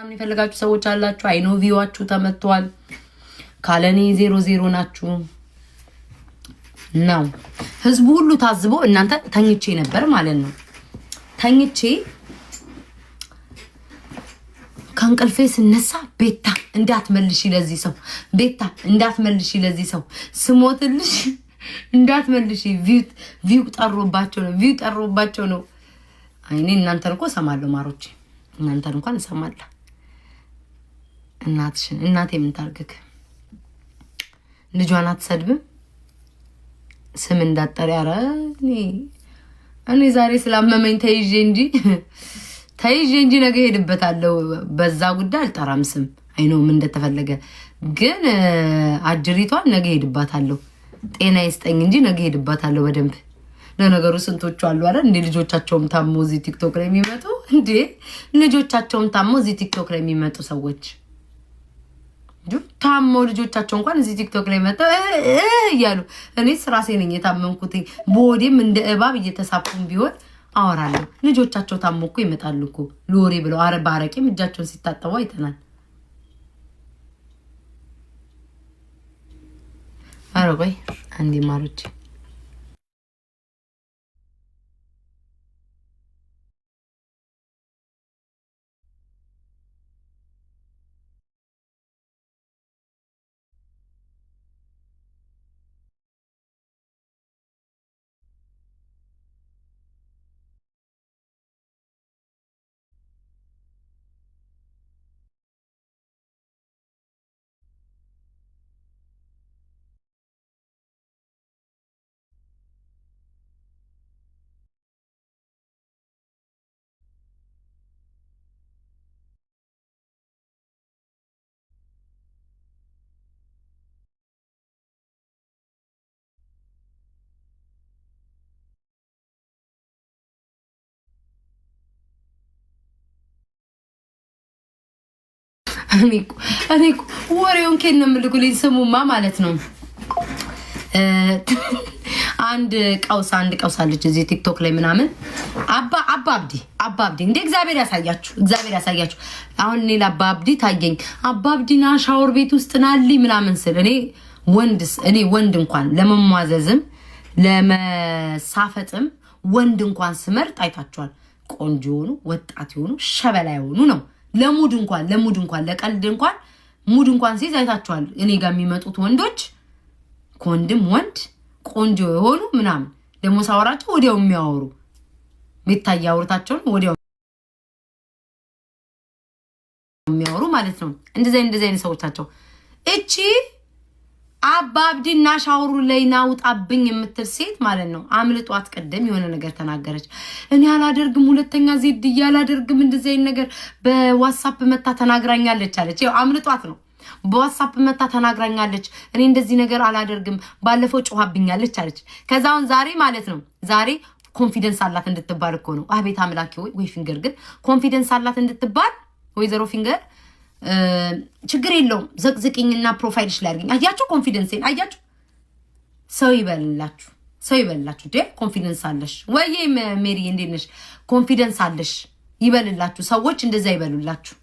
ምናምን የፈለጋችሁ ሰዎች አላችሁ። አይኖ ቪዋችሁ ተመቷል። ካለኔ ዜሮ ዜሮ ናችሁ ነው። ህዝቡ ሁሉ ታዝቦ እናንተ ተኝቼ ነበር ማለት ነው። ተኝቼ ከእንቅልፌ ስነሳ ቤታ እንዳትመልሽ ለዚህ ሰው፣ ቤታ እንዳትመልሽ ለዚህ ሰው፣ ስሞትልሽ እንዳትመልሽ። ቪው ቪው ጠሮባቸው ነው፣ ቪው ጠሮባቸው ነው። አይኔ እናንተን እኮ እሰማለሁ ማሮቼ፣ እናንተን እንኳን እሰማለሁ። እናትሽን እናት የምታርግክ ልጇን አትሰድብም። ስም እንዳጠር ያረ እኔ ዛሬ ስላመመኝ ተይዤ እንጂ ተይዤ እንጂ ነገ ሄድበታለሁ። በዛ ጉዳይ አልጠራም ስም አይነውም እንደተፈለገ ግን አጅሪቷን ነገ ሄድባታለሁ። ጤና ይስጠኝ እንጂ ነገ ሄድባታለሁ በደንብ ለነገሩ ስንቶቹ አሉ አለ እንዴ ልጆቻቸውም ታሞ እዚህ ቲክቶክ ላይ የሚመጡ እንዴ ልጆቻቸውም ታሞ እዚህ ቲክቶክ ላይ የሚመጡ ሰዎች ታሞ ልጆቻቸው እንኳን እዚህ ቲክቶክ ላይ መጥተው እያሉ እኔ ራሴ ነኝ የታመምኩትኝ በወዴም እንደ እባብ እየተሳብኩም ቢሆን አወራለሁ። ልጆቻቸው ታሞ እኮ ይመጣሉ እኮ ሎሬ ብለው በአረቄም እጃቸውን ሲታጠቡ አይተናል። አረ ቆይ አንዴ እኔ ወሬውን ኬን ነው የምልኩልኝ። ስሙማ ማለት ነው አንድ ቀውስ አንድ ቀውስ አለች እዚህ ቲክቶክ ላይ ምናምን አባ አባ አብዲ አባ አብዲ እንደ እግዚአብሔር ያሳያችሁ፣ እግዚአብሔር ያሳያችሁ። አሁን እኔ ለአባ አብዲ ታየኝ። አባ አብዲና ሻወር ቤት ውስጥ ናሊ ምናምን ስል እኔ ወንድ እኔ ወንድ እንኳን ለመሟዘዝም ለመሳፈጥም ወንድ እንኳን ስመርጥ አይታችኋል። ቆንጆ የሆኑ ወጣት የሆኑ ሸበላ የሆኑ ነው ለሙድ እንኳን ለሙድ እንኳን ለቀልድ እንኳን ሙድ እንኳን ሲይዝ አይታችኋል። እኔ ጋር የሚመጡት ወንዶች ከወንድም ወንድ ቆንጆ የሆኑ ምናምን ደግሞ ሳወራቸው ወዲያው የሚያወሩ ቤታዬ አውርታቸውን ወዲያው የሚያወሩ ማለት ነው። እንደዚህ እንደዚህ አይነት ሰዎቻቸው እቺ አባብድና ሻወሩ ላይ ናውጣብኝ የምትል ሴት ማለት ነው። አምልጧት ቀደም የሆነ ነገር ተናገረች። እኔ አላደርግም፣ ሁለተኛ ዜድዬ አላደርግም፣ እንደዚህ አይነት ነገር በዋትሳፕ መታ ተናግራኛለች አለች። ያው አምልጧት ነው። በዋትሳፕ መታ ተናግራኛለች። እኔ እንደዚህ ነገር አላደርግም፣ ባለፈው ጮኋብኛለች አለች። ከዛውን ዛሬ ማለት ነው ዛሬ ኮንፊደንስ አላት እንድትባል እኮ ነው። አቤት አምላኪ ወይ ወይ ፊንገር ግን ኮንፊደንስ አላት እንድትባል ወይዘሮ ፊንገር ችግር የለውም ዘቅዝቅኝና ፕሮፋይልሽ ላይ አድርገኝ። አያችሁ ኮንፊደንሴን አያችሁ። ሰው ይበላችሁ፣ ሰው ይበላችሁ። ዴ ኮንፊደንስ አለሽ ወይ ሜሪ? እንዴት ነሽ? ኮንፊደንስ አለሽ ይበልላችሁ። ሰዎች እንደዛ ይበሉላችሁ።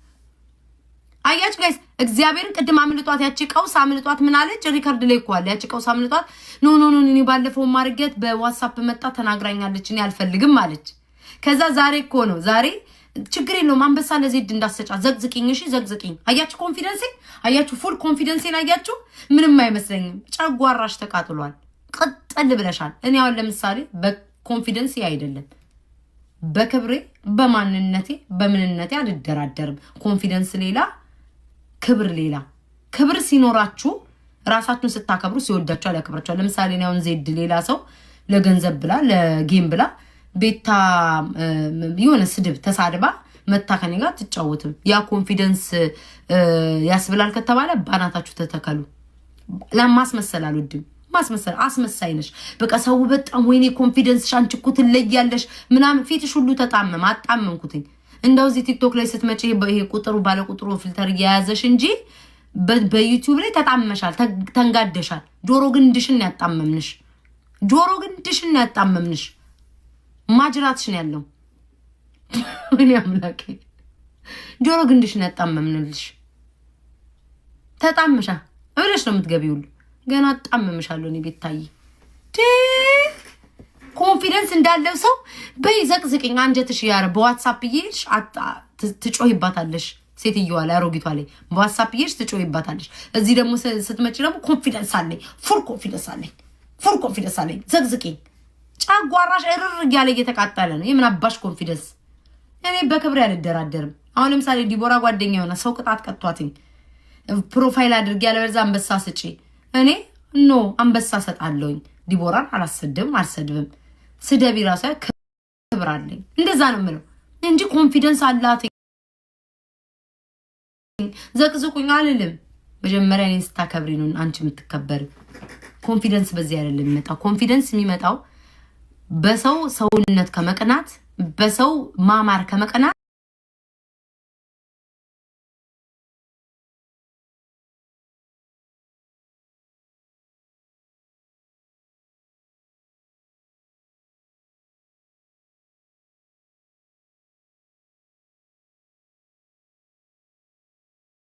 አያችሁ ጋይስ፣ እግዚአብሔርን ቅድም አምልጧት፣ ያቺ ቀውስ አምልጧት። ምን አለች? ሪከርድ ላይ እኮ አለ። ያቺ ቀውስ አምልጧት። ኖ ኖ ኖ፣ እኔ ባለፈው ማርጌት በዋትሳፕ መጣ ተናግራኛለች፣ እኔ አልፈልግም አለች። ከዛ ዛሬ እኮ ነው ዛሬ ችግር የለውም። አንበሳ ለዜድ እንዳሰጫ ዘቅዝቅኝ። እሺ ዘቅዝቅኝ። አያችሁ ኮንፊደንሴ፣ አያችሁ ፉል ኮንፊደንሴን አያችሁ። ምንም አይመስለኝም። ጨጓራሽ ተቃጥሏል። ቅጥል ብለሻል። እኔ አሁን ለምሳሌ በኮንፊደንሴ አይደለም በክብሬ በማንነቴ በምንነቴ አልደራደርም። ኮንፊደንስ ሌላ፣ ክብር ሌላ። ክብር ሲኖራችሁ ራሳችሁን ስታከብሩ ሲወዳችሁ ያከብራችኋል። ለምሳሌ እኔ አሁን ዜድ ሌላ ሰው ለገንዘብ ብላ ለጌም ብላ ቤታ የሆነ ስድብ ተሳድባ መታ ከኔ ጋር ትጫወትም። ያ ኮንፊደንስ ያስብላል ከተባለ ባናታችሁ ተተከሉ። ለማስመሰል አልወድም። ማስመሰል አስመሳይ ነሽ። በቃ ሰው በጣም ወይኔ ኮንፊደንስ አንቺ እኮ ትለያለሽ ምናምን፣ ፊትሽ ሁሉ ተጣመም። አጣመምኩትኝ። እንደው እዚህ ቲክቶክ ላይ ስትመጪ ይሄ ቁጥሩ ባለ ቁጥሩ ፊልተር እየያዘሽ እንጂ በዩቲዩብ ላይ ተጣመሻል፣ ተንጋደሻል። ጆሮ ግንድሽን ያጣመምንሽ ጆሮ ግንድሽን ያጣመምንሽ ማጅራትሽ ነው ያለው። እኔ አምላኬ ጆሮ ግንድሽ ነው ያጣመምንልሽ። ተጣምሻ እብለሽ ነው የምትገቢ ሁሉ ገና አጣምምሻለሁ እኔ ቤት ታይ ኮንፊደንስ እንዳለው ሰው በይ ዘቅዝቅኝ፣ አንጀትሽ ያረ በዋትሳፕ እየሄድሽ ትጮሂባታለሽ። ሴትዮዋ ላይ አሮጊቷ ላይ በዋትሳፕ እየሄድሽ ትጮሂባታለሽ። እዚህ ደግሞ ስትመጪ ደግሞ ኮንፊደንስ አለኝ፣ ፉል ኮንፊደንስ አለኝ፣ ፉል ኮንፊደንስ አለኝ፣ ዘቅዝቅኝ ጨጓራሽ እርር እያለ እየተቃጠለ ነው። የምን አባሽ ኮንፊደንስ። እኔ በክብሬ አልደራደርም። አሁን ለምሳሌ ዲቦራ ጓደኛ የሆነ ሰው ቅጣት ቀጥቷትኝ ፕሮፋይል ያለ በዛ አንበሳ ስጪ፣ እኔ ኖ አንበሳ ሰጣለውኝ። ዲቦራን አላሰድብም፣ አልሰድብም። ስደቢ ራሱ ክብር አለኝ። እንደዛ ነው የምለው እንጂ ኮንፊደንስ አላት ዘቅዝቁኝ አልልም። መጀመሪያ እኔን ስታከብሪ ነው አንቺ የምትከበር። ኮንፊደንስ በዚህ አይደለም የሚመጣው። ኮንፊደንስ የሚመጣው በሰው ሰውነት ከመቅናት በሰው ማማር ከመቅናት